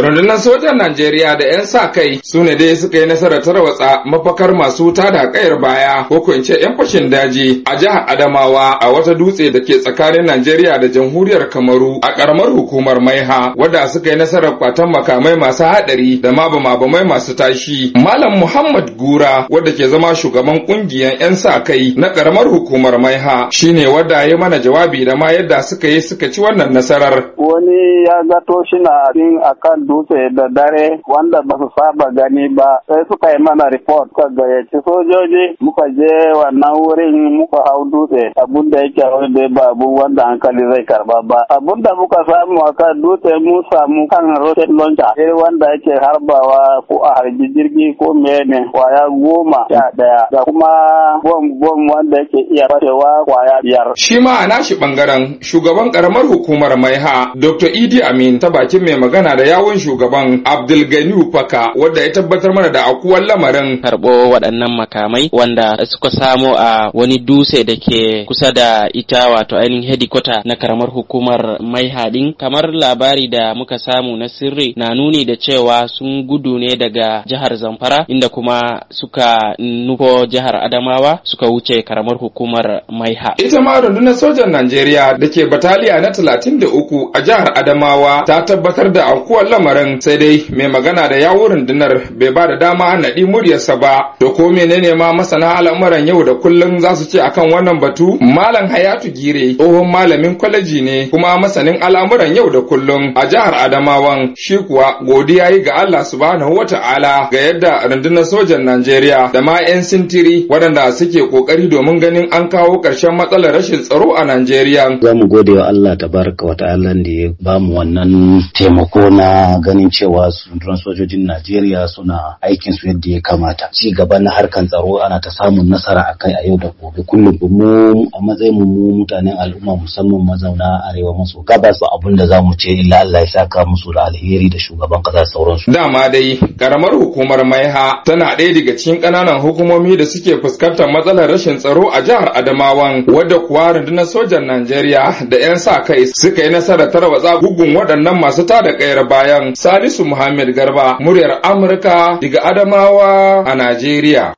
rundunar sojan najeriya da 'yan sa kai su ne dai suka yi nasarar tarwatsa mafakar masu wuta tada kayar baya ko ko 'yan fashin daji a jihar adamawa a wata dutse da ke tsakanin najeriya da jamhuriyar kamaru a karamar hukumar maiha wadda suka yi nasarar kwatan makamai masu hadari da mabamabamai masu tashi malam muhammad gura wadda ke zama shugaban kungiyar 'yan sa kai na karamar hukumar maiha shine wadda ya mana jawabi da ma yadda suka yi suka ci wannan nasarar wani ya zato shi na akan dutse da dare wanda ba su saba gani ba sai suka yi mana report ka gayyaci sojoji muka je wannan wurin muka hau dutse abun da yake wani da ba abu wanda hankali zai karba ba abun muka samu a kan dutse mu samu kan rocket launcher eh, wanda yake harbawa ko a harbi jirgi ko mene kwaya goma sha daya da kuma bom bom wanda yake iya fashewa kwaya biyar. shi ma a nashi bangaren shugaban karamar hukumar mai ha? dr idi amin ta bakin mai magana da yawon shugaban Abdul Gani Faka wanda ya tabbatar mana da akuwan lamarin. Karɓo waɗannan makamai wanda suka samo a wani dutse da ke kusa da ita wato ainihin hedikwata na karamar hukumar mai haɗin kamar labari da muka samu na sirri na nuni da cewa sun gudu ne daga jihar Zamfara inda kuma suka nufo jihar Adamawa suka wuce karamar hukumar Maiha. Ita ma rundunar sojan Najeriya da ke bataliya na 33 a jihar Adamawa ta tabbatar da aukuwar lamarin sai dai mai magana da yawo rundunar bai ba da dama a naɗi muryarsa ba to ko menene ma masana al'amuran yau da kullum za su ce akan wannan batu malam hayatu gire tsohon malamin kwaleji ne kuma masanin al'amuran yau da kullum a jihar adamawan shi kuwa godiya yi ga allah subhanahu wata'ala ga yadda rundunar sojan najeriya da ma 'yan sintiri waɗanda suke kokari domin ganin an kawo ƙarshen matsalar rashin tsaro a najeriya za mu gode wa allah tabaraka ta'ala da ya mu wannan taimako na ganin cewa sunan sojojin Najeriya suna aikin su yadda ya kamata. Ci gaba na harkan tsaro ana ta samun nasara a kai a yau da gobe. Kullum mu a matsayin mu mutanen al'umma musamman mazauna arewa maso gabas abin da zamu ce illa Allah ya saka musu da alheri da shugaban kasa sauransu. Dama dai karamar hukumar Maiha tana ɗaya daga cikin ƙananan hukumomi da suke fuskantar matsalar rashin tsaro a jihar Adamawan wadda kuwa rundunar sojan Najeriya da 'yan sa kai suka yi nasarar tarwatsa gugun waɗannan masu tada kayar baya Salisu Muhammad Garba, muryar Amurka daga Adamawa a Najeriya.